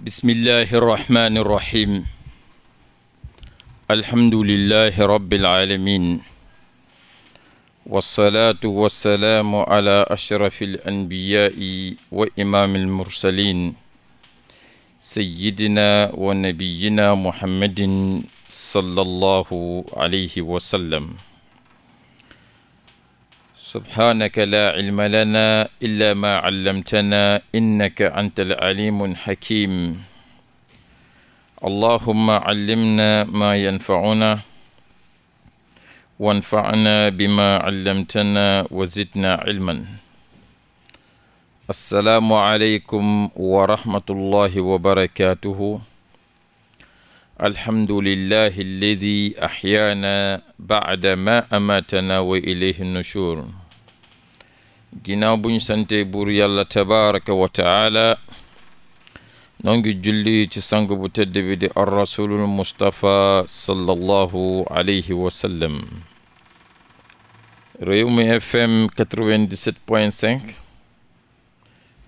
bismillahi irrahmani irrahim alhamdulilahi rabiilalamin walsalaatu walsalaamu ala ashrafi alanbiyaai wa imaami almursalin sayidina wa nabiyina muhammadin sallallahu alayhi wa sallam subhaanaka laa cilma lanaa illaa maa callamtanaa innaka anta al-caliimu al-xakiim allahumma callimnaa maa yanfacunaa wanfacnaa bimaa callamtanaa wa zidnaa cilman assalaamu aleykum wa rahmatullaahi wa barakaatuhu alhamdulillahi alladi axyaanaa bacda maa amaatanaa wa ilayhi nushuur ginnaaw bu ñu sante buur yàlla tabaraka wa taala noo ngi julli ci sang bu tëdd di ar rasulul mustapha sallallahu alayhi wa sallam Rewmi FM 97.5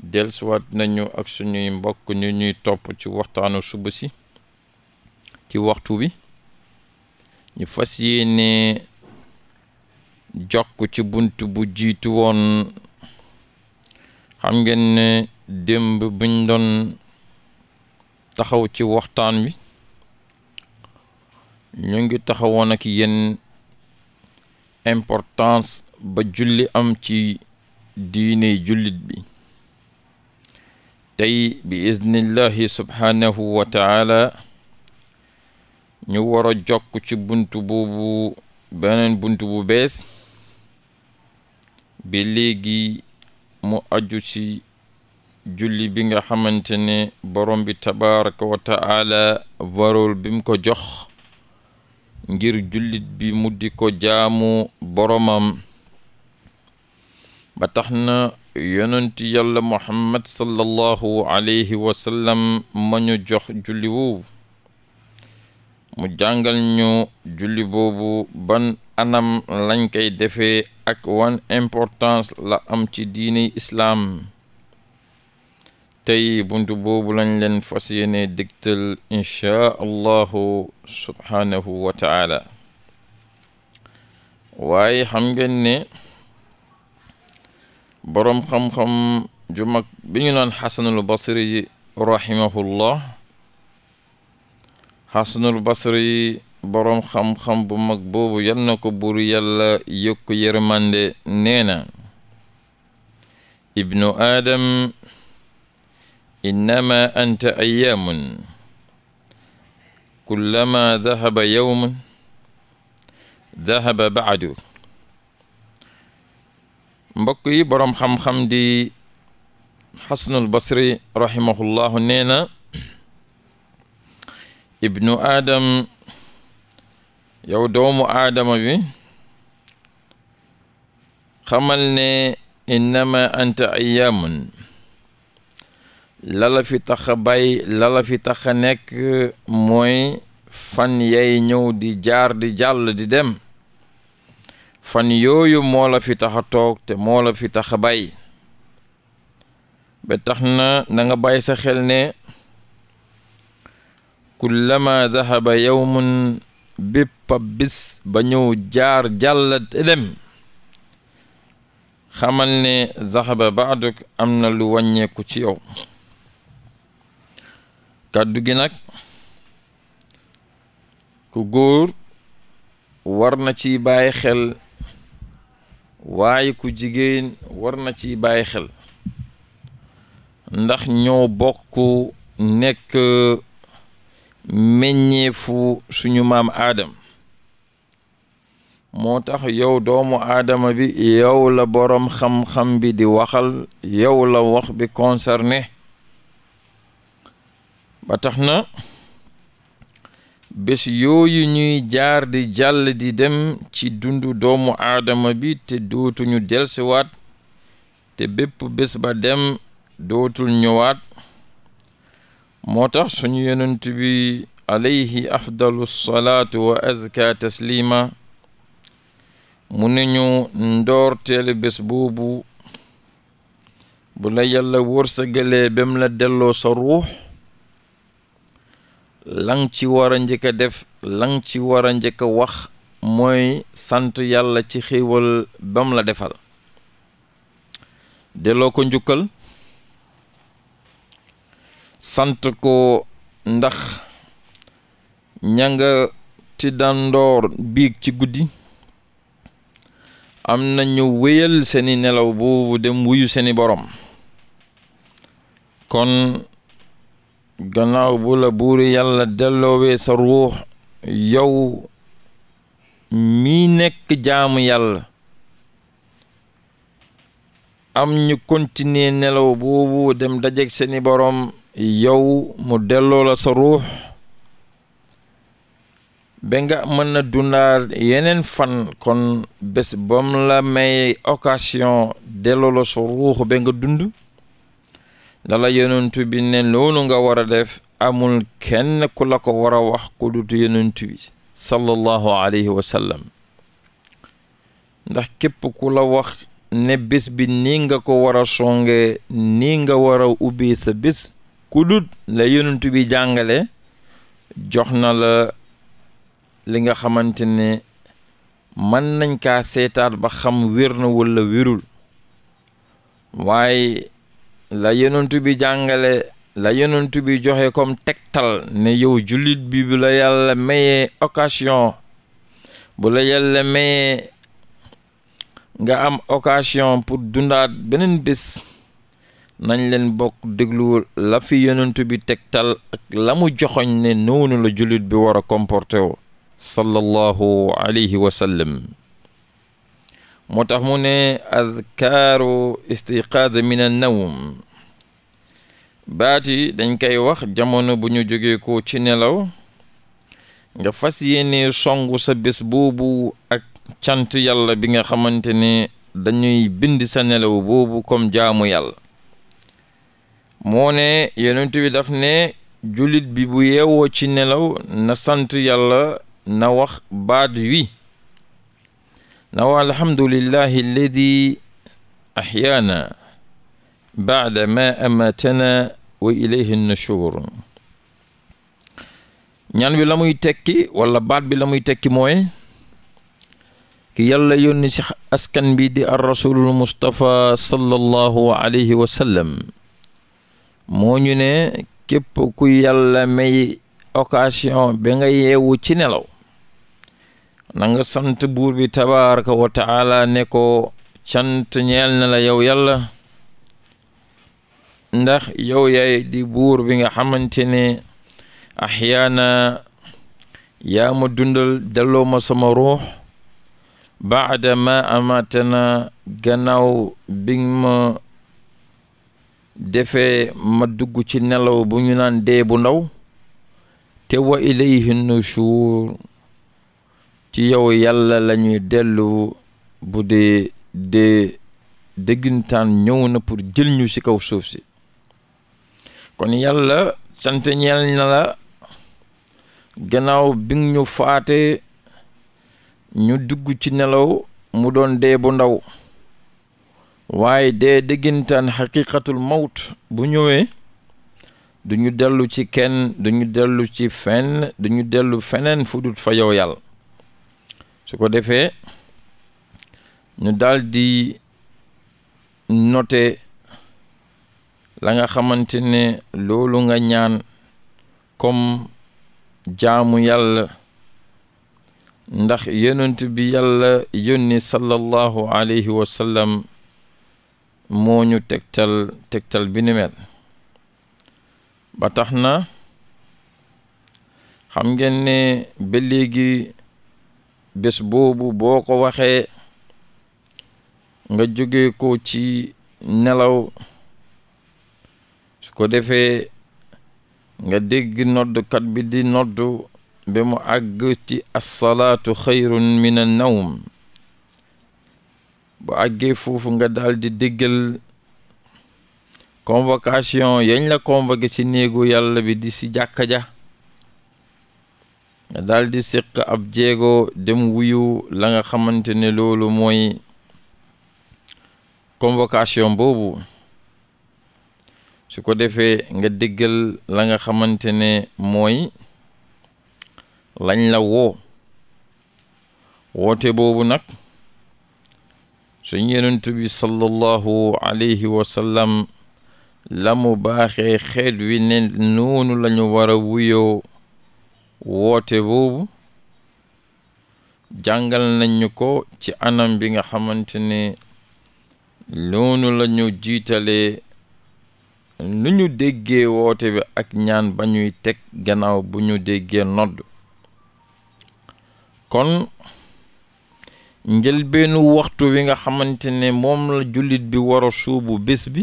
dellusiwaat nañu ak suñuy mbokk ñu ñuy topp ci waxtaanu suba si waxtu wi ñu fas jokk ci bunt bu jiitu woon xam ngeen ne démb buñ doon taxaw ci waxtaan wi ñu ngi taxawoon ak yéen importance ba julli am ci diine jullit bi tey bi iznillahi subhaanahu wa ñu wara jokk ci bunt boobu beneen bunt bu bees ba léegi mu aju julli bi nga xamante ne borom bi tabaraka wa taala bim ko jox ngir jullit bi mu di ko jaamu boromam ba tax na yonenti yàlla muhammad sallallahu alayhi wa sallam jox julli woowu mu jàngal ñu julli boobu ban anam lañ koy defee ak wan importance la am ci diini islaam tey buntu boobu lañ leen fas yéene dégtal inchaa allahu subhaanahu wa waaye xam ngeen ne boroom xam-xam ju mag bi ñu naan xasanul basri rahimahullah xasanul basri boroom xam-xam bu mag boobu yal na ko buur yàlla yokk yërmande nee na ibnu aadam innama anta ayyaamun kullama dahaba yawmun dahaba baadu mbokk yi boroom xam-xam di xasanul basri rahimahullahu nee na ibnu aadam yow doomu aadama bi xamal ne innama anta ayaamun lala fi tax a bay tax nekk mooy fan yay ñëw di jaar di jàll di dem fan yooyu moo la fi tax a toog te moo fi tax a bay tax na na nga bàyyi sa xel ne kullama dahaba yawmun béppa bis ba ñëw jaar jàll te dem xamal ne zahaba baaduk am na lu wàññeeku ci yow kàddu gi nag ku góor war na ci bàyyi xel waaye ku jigéen war na ci bàyyi xel ndax ñoo bokk nekk meññeefu suñu maam aadam moo tax yow doomu aadama bi yow la boroom xam-xam bi di waxal yow la wax bi concerné ba tax na bés yooyu ñuy jaar di jàll di dem ci dundu doomu aadama bi te dootuñu delsiwaat te bépp bés ba dem dootul ñëwaat moo tax suñu yonent bi alayhi afdalu salaatu wa azka taslima mu ne ñu ndoorteelu bés boobu bu la yàlla wërsëgalee bam la delloo sa ruux lang ci war njëkk def lang ci war a njëkk wax mooy sant yàlla ci xéewal bam la defal delloo ko njukkal sant ko ndax ña nga dandoor biig ci guddi am na ñu wéyal seeni nelaw boobu dem wuyu seeni borom kon gannaaw bu la buuri yàlla delloowee sa ruux yow mii nekk jaamu yàlla am ñu continuer nelaw boobu dem dajeek seeni borom yow mu delloo sa ruux ba nga mën a dundaar yeneen fan kon bés bam la may occasion delloo la sa ruux ba nga dund dala yonentu bi ne loolu nga war a def amul kenn ku la ko war a wax ku dut yonentu bi alayhi wa ndax képp ku la wax ne bés bi nii nga ko war a songe nii nga war a ubbee sa bés ku dut la yonent bi jàngale jox na la li nga xamante ne mën nañ ka seetaat ba xam wér na walla wérul waaye la yonent bi jàngale la yonent bi joxe comme tegtal ne yow julit bi bu la yàlla mayee occasion bu la yàlla mayee nga am occasion pour dundaat beneen bés nañ leen bokk déglu la bi tegtal ak la joxoñ ne noonu la bi war a comporté wo sallallahu alayhi wa moo tax mu ne adkaaru istiqaad min an nawm baat yi dañ koy wax jamono bu ñu jógee ko ci nelaw nga fas yéene songu sa bés boobu ak cant yàlla bi nga xamante ne dañuy bind sa nelaw boobu comme jaamu yàlla moo ne yonent bi daf ne jullit bi bu yeewoo ci nelaw na sant yàlla na wax baad wi na wax alhamdulillahi alladi axyaana baada ma amatana wa ilayhi nushur ñaan bi la muy tekki bi la muy tekki mooy ki yàlla yónni ci askan bi di ar rasulul mustapha sallallahu alayhi wa sallam moo ñu ne képp ku yàlla may occasion bi nga yeewu ci nelaw nanga sant buur bi tabaraka wa ne ko cant ñeel na la yow yàlla ndax yow yaay di buur bi nga xamante ne axyaana yaa dundal daloo ma sama ruux baada ma amatana gannaaw bi ma defe ma dugg ci nelaw bu ñu naan dee bu ndaw te wa ilayhi nushur ci yow yàlla lañuy dellu bu dee dee dëggintaan ñëw na pour jël ñu ci kaw suuf si kon yàlla sant ñeel nela la gannaaw bi ñu faate ñu dugg ci nelaw mu doon dee bu ndaw waaye dee dëggintaan xaqiqatul mawt bu ñëwee duñu dellu ci kenn duñu dellu ci fenn duñu dellu feneen fu dul fa yow yàlla su ko defee ñu daldi di note la nga xamante ne loolu nga ñaan comme jaamu yàlla ndax yonent bi yàlla yónni sallallahu alayhi wa moo ñu tegtal tegtal bi ba tax na xam ngeen ne ba léegi bés boobu boo ko waxee nga jóge ko ci nelaw su ko defee nga dégg noddukat bi di noddu ba mu àgg ci assalaatu xayrun min an nawm bu àggee foofu nga daal di déggal convocation yañ la convoqué ci néegu yàlla bi di ci jàkka ja nga daal di séq ab jéego dem wuyu la nga xamante ne loolu mooy convocation boobu su ko defee nga déggal la nga xamante ne mooy lañ la woo woote boobu nag suñ yenent bi sallallahu alayhi wa sallam la xeet wi ne noonu lañu wara war wuyoo woote boobu jàngal nañu ko ci anam bi nga xamante ne noonu lañu jiitale jiitalee nu ñu déggee woote bi ak ñaan ba ñuy teg gannaaw bu ñu déggee nodd kon njëlbeenu waxtu wi nga xamante ne moom la jullit bi war a suubu bés bi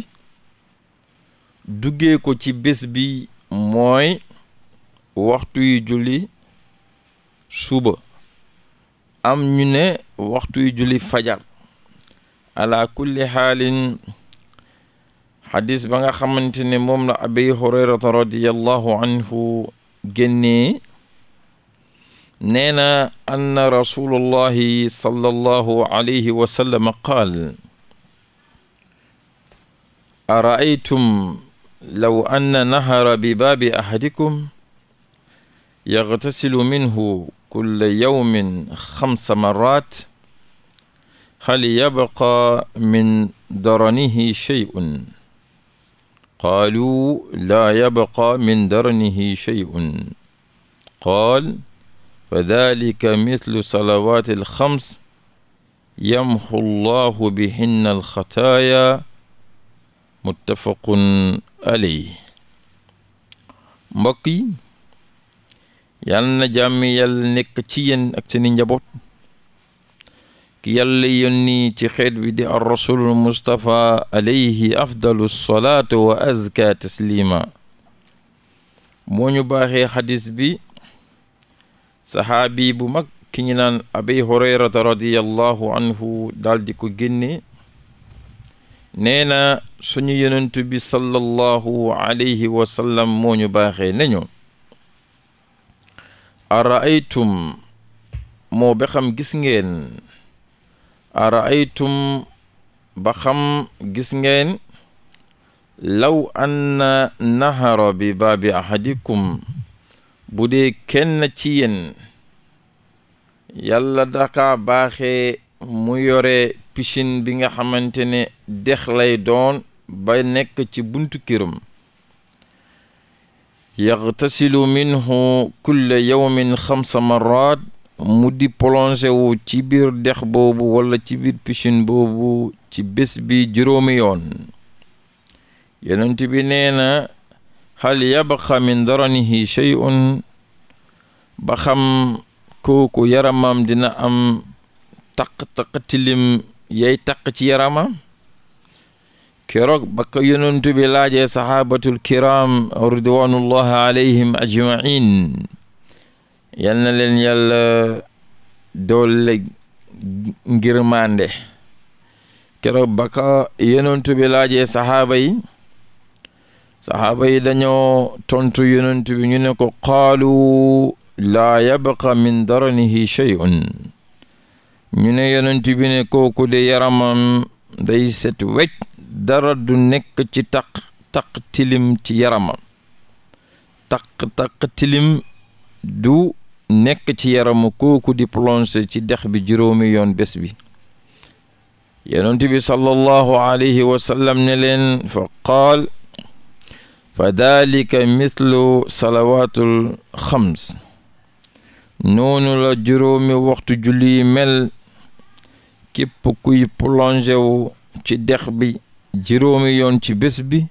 duggee ko ci bés bi mooy waxtu julli suba am ñu ne waxtu yu julli fajar ala kulli xaalin xadis ba nga xamante ne moom la abi hurayrata radiallahu anhu génnee nee na anna rasulullahi sallallahu alayhi wa sallam qaal araaytum law anna nahara bi baabi ahadikum yagtasilu minhu kulla yawmin xamsa marat hal yabqa min daranihi shay'un qaalu laa yabqa min daranihi shay'un qaal fa dalika mislu salawaati alxams yamxu llahu bihinna alxataaya muttafaqun aley mbokk yi yàlla na jàmmi yàlla nekk ci yéen ak seeni njaboot ki yàlla yónni ci xeet bi di ar rasulul mustapha alayhi afdalu salaatu wa azka taslima bi sahaabi bu mag ki ñu naan abi hurayrata radiallahu anhu daal di ko génne nee na suñu yonentu bi sallallahu alayhi wa sallam moo ñu baaxee nañu araaytum moo ba xam gis ngeen araaytum xam gis law anna nahara bi baabi ahadikum bu dee kenn ci yéen yàlla daka baaxe mu yore piscine bi nga xamante ne dex lay doon ba nekk ci buntu këram yaxtasilu minhu kulla yawmin xamsa marat mu di plongé ci biir dex boobu wala ci biir piscine boobu ci bés bi juróomi yoon yonent bi nee hal yabqa min daranihi shay'un ba xam kooku yaramam dina am taq-taq tilim yay taq ci yaramam keroog ba ko yonent bi laajee saxaabatul kiram ridwanullahi alayhim ajmain yal na leen yàlla doole ngir mande keroog ba ko yonent bi laajee saxaaba saxaaba yi dañoo tontu yonent ñu ne ko qaalu laa yabqa min daranihi shay'un ñu ne yonent bi ne kooku de yaramam day set wecc dara du nekk ci taq taq tilim ci yaramam taq taq tilim du nekk ci yaramu kooku di plongé ci dex bi juróomi yoon bés bi yonent bi sallallahu alayhi wa sallam ne leen fa qaal fa dalika mislu salawaatul xams noonu la juróomi waxtu julli yi mel képp kuy plongé ci dex bi juróomi yoon ci bés bi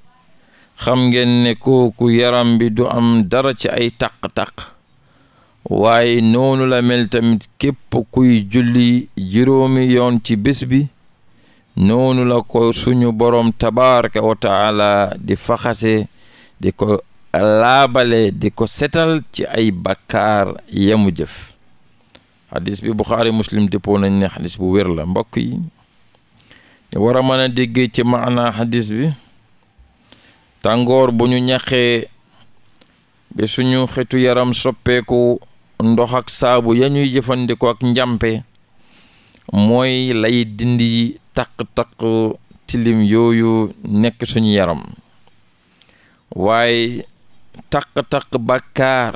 xam ngeen ne kooku yaram bi du am dara ci ay taq-taq waaye noonu la mel tamit képp kuy julli juróomi yoon ci bés bi noonula ko suñu boroom tabaraka wa di faxase di ko laabale di ko setal ci ay bakkaar yamu jëf xadis bi buxaari muslim dëppoo nañ ne xadis bu wér la mbokk yi ñu war a mën a déggee ci maanaa xadis bi tàngoor bu ñu ñaxee bi suñu xetu yaram soppeeku ndox ak saabu ya ñuy jëfandikoo ak njàmpe mooy lay dindi taq-taq tilim yooyu nekk suñu yaram waaye taq-taq bàkkaar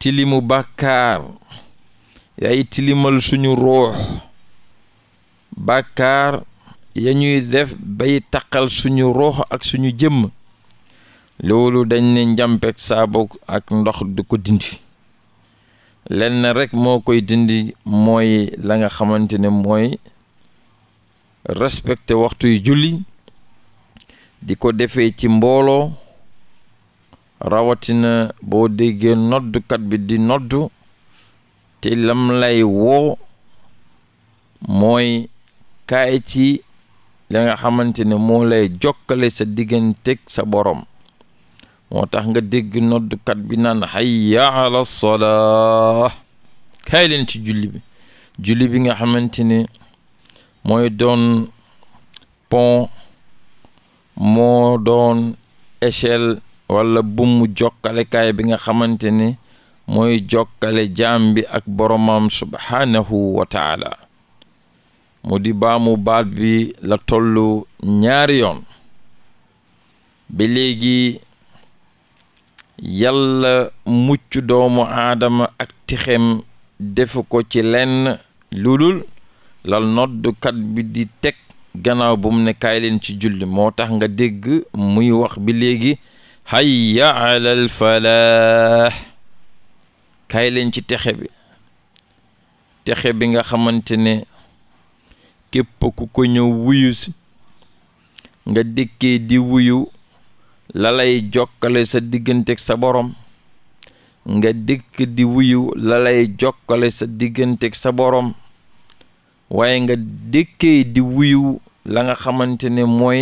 tilimu bàkkaar yaay tilimal suñu ruux bàkkaar ya ñuy def bay taqal suñu ruux ak suñu jëmm loolu dañ ne njàmpeg saabu ak ndox du ko dindi lenn rek moo koy dindi mooy la nga xamante ne mooy respecté waxtu yu julli di ko defee ci mbooloo rawatina boo déggee noddukat bi di noddu te lam lay woo mooy kaay ci la nga xamante ne moo lay jokkale sa digganteeg sa borom moo tax nga dégg noddukat bi naan hayya ala salaa kaay leen ci julli bi nga xamante ne mooy doon pont moo doon échelle wala bumu jokkalekaay bi nga xamante ne mooy jokkale jaam bi ak boromam subhaanahu wa taala mu di baamu baat bi la tollu ñaari yoon ba léegi yàlla mucc doomu aadama ak texem defu ko ci lenn lulul la noddukat bi di teg gannaaw bu mu ne kaay leen ci julli moo tax nga dégg muy wax bi léegi hayya alal falaax kaay leen ci texe bi texe bi nga xamante ne képp ku ko ñëw wuyu si nga dékkee di wuyu la lay jokkale sa digganteeg sa borom nga dëkk di wuyu la jokkale sa digganteeg sa borom waaye nga dëkkee di wuyu la nga xamante ne mooy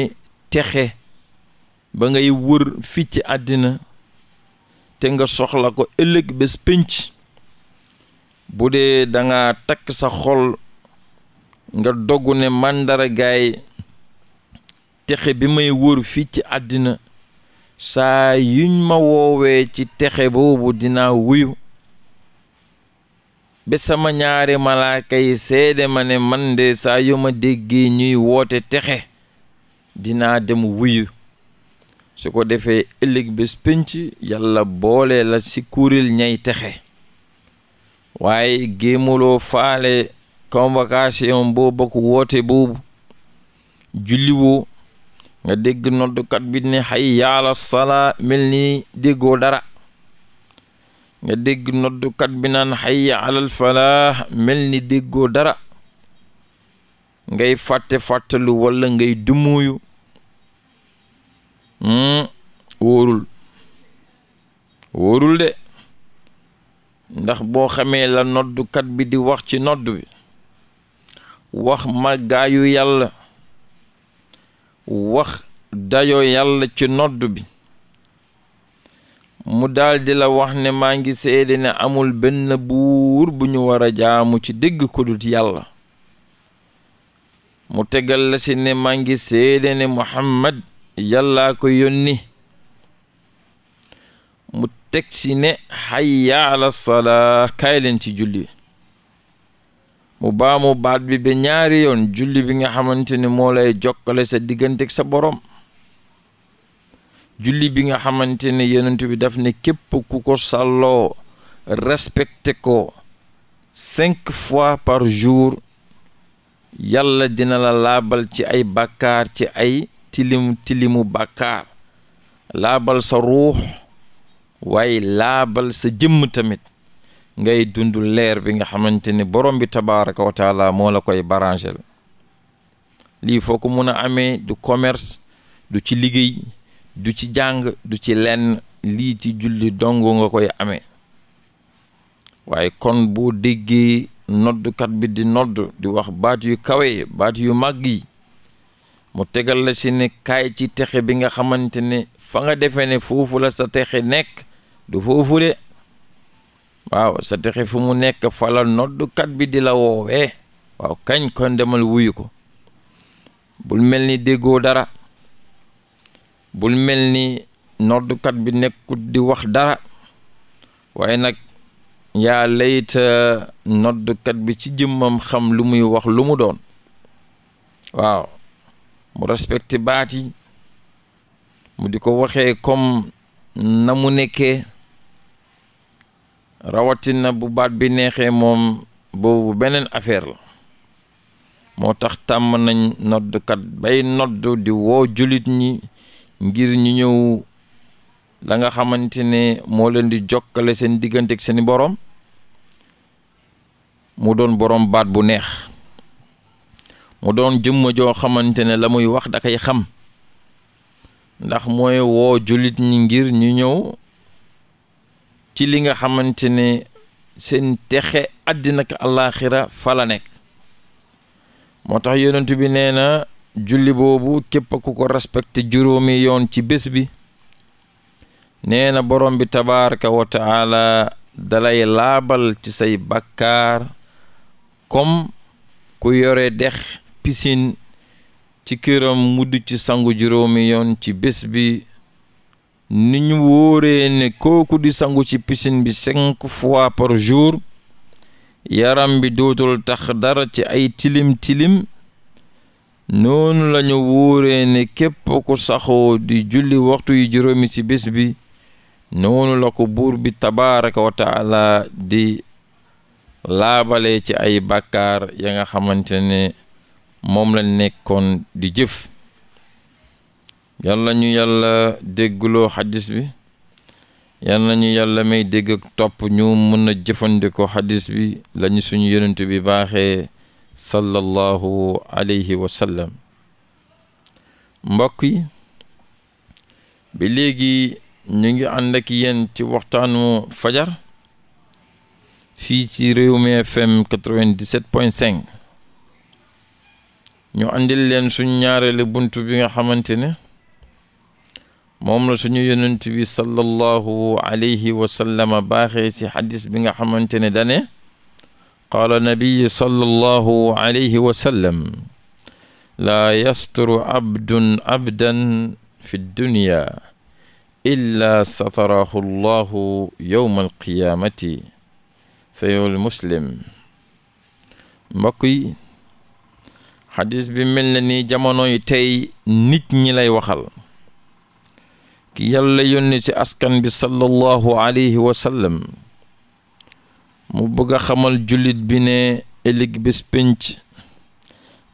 texe ba ngay wër fii ci àddina te nga soxla ko ëllëg bés pénc bu dee da nga takk sa xol nga dogg ne màndargaay texe bi may wër fii ci àddina saa yuñ ma woowee ci texe boobu dinaa wuyu ba sama ñaare malaaka yi seede ma ne man de saa yu ma déggee ñuy woote texe dinaa dem wuyu su ko defee ëllëg bés pénc yàlla boole la ci kuréel ñay texe waaye géemuloo faale convocation boobu ak woote boobu julliwoo nga dégg noddukat bi ne xay yàlla sala mel ni déggoo dara nga dégg noddukat bi naan xayya alal falaax mel ni déggoo dara ngay fàtte fàttalu walla ngay dumuyu hmm, wóorul wóorul de ndax boo xamee la noddukat bi di wax ci nodd bi wax màggaayu yàlla wax dayo yàlla ci noddu bi mu daldi la wax ne maa seede ne amul benn buur bu ñu war a jaamu ci dégg ku dut yàlla mu tegal la ci ne maa ngi seede ne Muhammad yàllaa ko yónni mu teg ci ne hayya ala salaa kaay leen ci julli mu baamu baat bi ba ñaari yoon julli bi nga xamante ne moo lay jokkale sa diggantek sa borom julli bi nga xamante ne yonent bi daf ne képp ku ko sàlloo respecté ko cinq fois par jour yàlla dina la laabal ci ay bàkkaar ci ay tilim tilimu bàkkaar laabal sa ruux waaye laabal sa jëmm tamit ngay dund leer bi nga xamante ne borom bi tabaraka wa taala koy barangel lii foo ko mun a amee du commerce du ci liggéey du ci jàng du ci lenn lii ci julli dongo nga koy ame waaye kon boo déggee noddkat bi di nodd di wax baat yu kawe baat yu màgg yi mu tegal la si ne kaay ci texe bi nga xamante ne fa nga defe ne foofu la sa texe nekk du foofu de waaw sa texe fu mu nekk fa la noddkat bi di la woowee waaw kañ kon demal wuyu ko bul mel ni déggoo dara bul mel ni noddukat bi nekkut di wax dara waaye nag yaa layta noddukat bi ci jëmmam xam lu muy wax lu mu doon waaw mu respecté baat yi mu di ko waxee comme na mu nekkee rawatina bu baat bi neexee moom boobu beneen affaire la moo tax tàmm nañ noddkat bay nodd di woo jullit ñi ngir ñu ñëw la nga xamante ne moo leen di jokkale seen diggante ak seeni boroom mu doon boroom baat bu neex mu doon jëmm joo xamante ne la muy wax dakay xam ndax mooy woo jullit ñi ngir ñu ñëw ci li nga xamante ne seen texe àddina ak àllaaxira fa nekk moo tax yonent bi nee julli boobu képp ku ko respecté juróomi yoon ci bés bi nee na borom bi tabaraka wa dalay laabal ci say bakkar kom ku yore dex piscine ci këram mudd ci sangu juróomi yoon ci bés bi ni ñu wóoree ne kooku di sangu ci pisin bi cinq fois par jour yaram bi dootul tax dara ci ay tilim-tilim noonu lañu wóoree ne képp ko saxoo di julli waxtu yu juróomi ci bés bi noonu la ko buur bi tabaaraka wa di laabalee ci ay bakkaar ya nga xamante ne moom la nekkoon di jëf yàlla ñu yàlla déggloo xaddis bi yàlla ñu yàlla may dégg topp ñu mën a jëfandikoo xaddis bi lañu suñu yonent bi baaxe sallallahu alayhi wa sallam mbokk yi léegi ñu ngi ànd ak yéen ci waxtaanu fajar fii ci Rewmi FM 97.5 ñu àndil leen suñ ñaareelu bunt bi nga xamante ne moom la suñu yonent bi sallallahu alayhi wa sallam baaxee ci xadis bi nga xamante ne dane qaala nabiyu sallallahu alayhi wa sallam laa yasturu abdun abdan fi dunya illa satarahu llahu yowma alqiyaamati sayul muslim mbokk yi xadis bi mel na ni jamono yi tey nit ñi lay waxal ki yàlla yónni ci askan bi sallallahu alayhi wa sallam mu bëgg a xamal jullit bi ne ëllëg bés pénc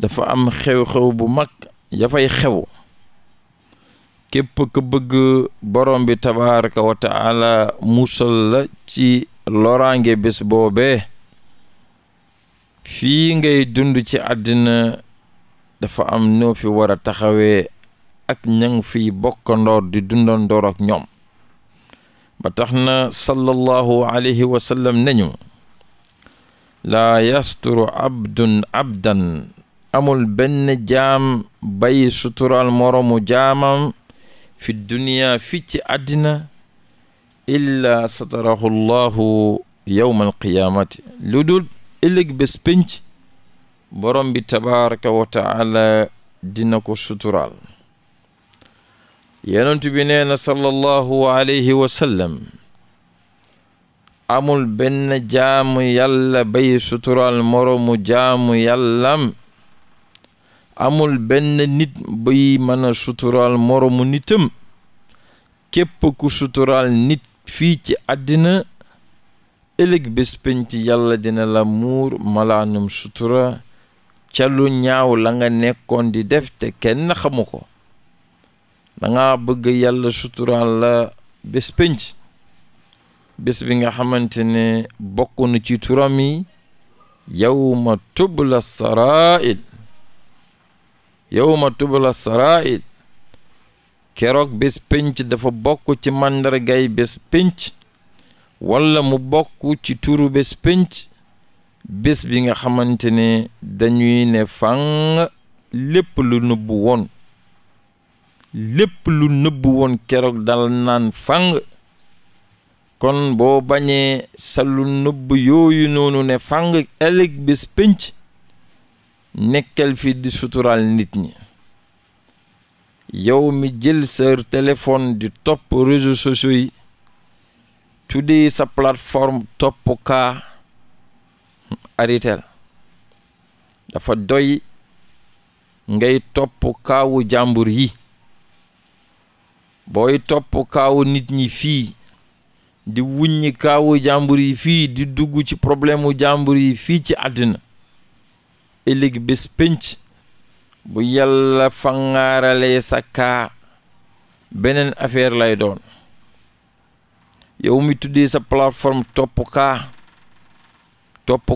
dafa am xew-xew bu mag dafay xew képp ku bëgg borom bi tabaraka wa la ci loraange bés boobee fii ngay dund ci àddina dafa am noo fi war a taxawee ak ñang fiy bokkandoor di dundandoor ak ñoom ba tax na sallallahu alayhi wa nañu laa yasturu abdun abdan amul benn jaam bay sutural moromu jaamam fi duniya fi ci àddina illaa satarahu llahu yowma alqiyaamati lu dul ëllëg bés pénc borom bi tabaraka wa taala dina ko sutural yonent bi nee na wa sallam amul benn jaamu yàlla bay suturaal moroomu jaamu yàllam amul benn nit bay mën sutural suturaal moroomu nitam képp ku suturaal nit fii ci àddina ëllëg bés yàlla dina la muur malaanum sutura ca lu ñaaw la nga nekkoon di def te kenn xamu ko danga bëgg yàlla suturaal la bés bis bi nga xamante ne bokk na ci turam yi yawma tubla sarair yawma tubla sarair keroog bés pénc dafa bokk ci màndargay bés pénc walla mu bokk ci turu bés pénc bés bi nga xamante ne dañuy ne fang lépp lu nëbbu woon lépp lu nëbbu woon keroog dal naan fang kon boo bañee sa lu yooyu noonu ne fàng ëllëg bés pénc nekkal fi di sutural nit ñi yow mi jël sa téléphone di topp réseaux sociaux yi tuddee sa plateforme topp kaa aritel dafa doy ngay topp kaawu jàmbur yi booy topp kaawu nit ñi fii di wuññi kaawu jàmbur yi fii di dugg ci problème wu jàmbur yi fii ci àddina ëllëg bés pénc bu yàlla fangaaralee sa beneen affaire lay doon yow mi tuddee sa plateforme topp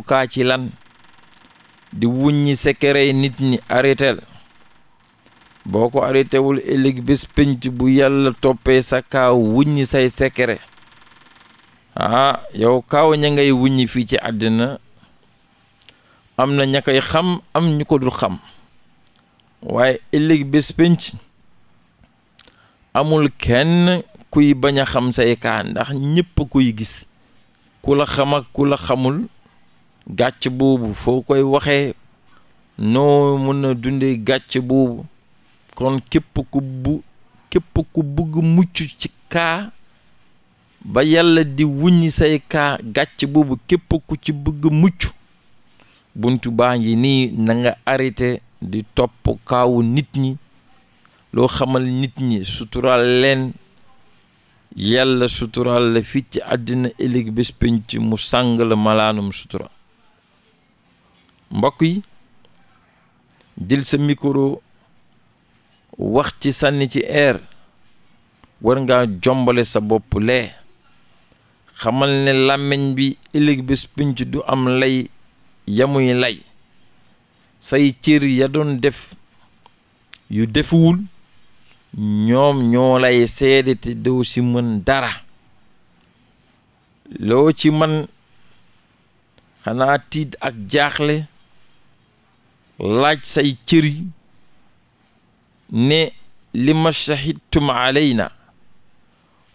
kaa ci lan di wuññi sekere nit ñi arrêtel boo ko arrêté wul bu yàlla toppee sa kaa wuññi say sekere ah yow kaw ña ngay wuññi fii ci àddina am na ña koy xam am ñu ko dul xam waaye ëllëg bés pénc amul kenn kuy bañ a xam say kaa ndax ñépp a kuy gis ku la xam ak ku la xamul gàcc boobu foo koy waxee noo mën na dundee gàcc boobu kon képp ku bu képp ku bëgg mucc ci kaa ba yàlla di wuññi say kaa gàcc boobu képp ku ci bëgg mucc buntu baa ngi nii nanga nga di topp kaawu nit ñi loo xamal nit ñi suturaal leen yàlla suturaal la fii ci àddina ëllëg bés penc mu sàng la malaanum sutura mbokk yi jël sa micro wax ci sànni ci air war ngaa jombale sa bopp lee xamal ne làmmiñ bi ëllëg bés pinc du am lay yamuy lay say cër yadoon def yu defuwul ñoom ñoo lay seede te doo ci mën dara loo ci man xanaa tiit ak jaaxle laaj say cër ne li ma shahidtum alayna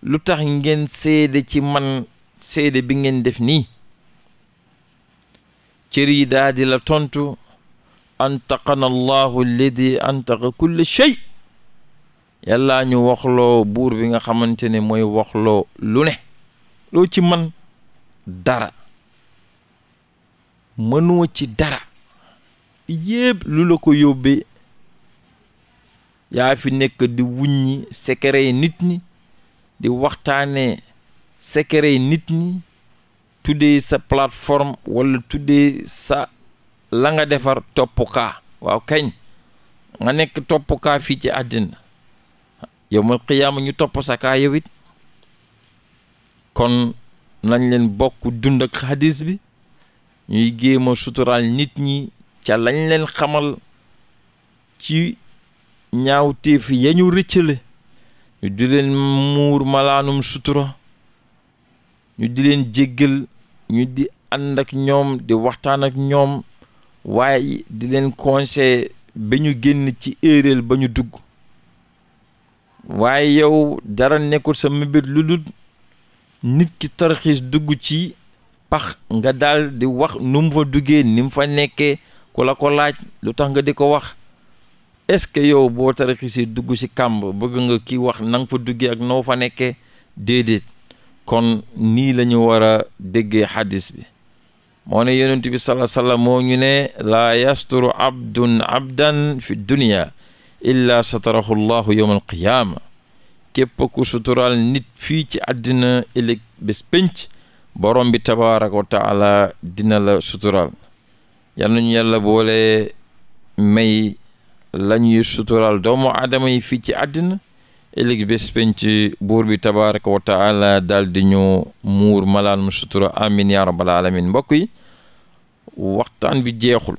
lu tax ngeen seede ci man seede bi ngeen def nii cër yi daal la tontu antaqana allahu alladi antaqa kulle chey yàllaa ñu waxloo buur bi nga xamante ne mooy waxloo lu ne loo ci man dara mënoo ci dara yépp lu la ko yóbbee yaa fi nekk di wuññi secret nit ñi di waxtaanee secret yi nit ñi tuddee sa plateforme walla tuddee sa la nga defar topp kaa waaw kañ nga nekk topp kaa fii ci àddina yow mal xiyaama ñu topp sa kaa yow kon nañ leen bokk dund ak xadis bi ñuy géema suturaal nit ñi ca lañ leen xamal ci ñaaw téef ya ñu rëccale ñu di leen muur malaanum sutura ñu di leen jéggal ñu di ànd ak ñoom di waxtaan ak ñoom waaye di leen conseil ba ñu génn ci éeréel ba ñu dugg waaye yow dara nekkul sa mbir lu dul nit ki tarxiis dugg ci pax nga daal di wax nu mu fa duggee ni mu fa nekkee ku la ko laaj lu tax nga di ko wax est-ce que yow boo tarxiisee dugg ci kàmb bëgg nga ki wax nang nga fa duggee ak noo fa nekkee déedéet kon nii lañu ñu war a déggee xadis bi moone ne yonent bi salaa sallam moo ñu ne laa yasturu abdun abdan fi dunia illa satarahu llahu yowma alqiyaama képp ku suturaal nit fii ci àddina ëllëg bés pénc borom bi tabaraka wa taala dina la suturaal yal nañu yàlla boole may la ñuy suturaal doomu aadama yi fii ci àddina ëllëg bés buur bi tabaraka wa taala ñu muur malaan mu sutura amin yaa rabbal alamin mbokk yi waxtaan bi jeexul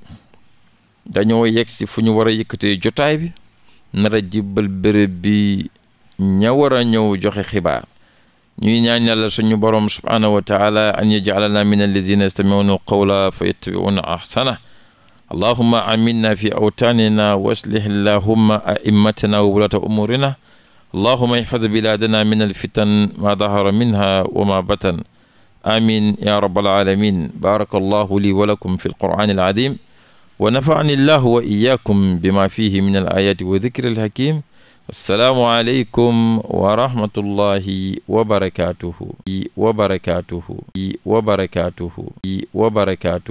dañoo yegg si fu ñu war a yëkkatee jotaay bi nar a jibbal bërëb bi ña war ñëw joxe xibaar ñuy ñaan yàlla suñu borom subhaanahu wa an yajalana min allazina yastamiuna alqawla fa yattabiuna ahsana allahuma aminna fi awtanina wa aslih allahuma aimmatana wa wulata umurina allahuma ihfaz bilaadana min alfitan maa dahara minha wa maa batan amin ya rabbal alamin baraka allahu li wa lakum fi alqur'ani alazim wa nafa'ani allahu wa iyyakum bima fihi min alayati wa dhikri alhakim assalaamu aleykum wa rahmatullahi wa barakatuhu wa barakatuhu wa barakatuhu wa barakatuhu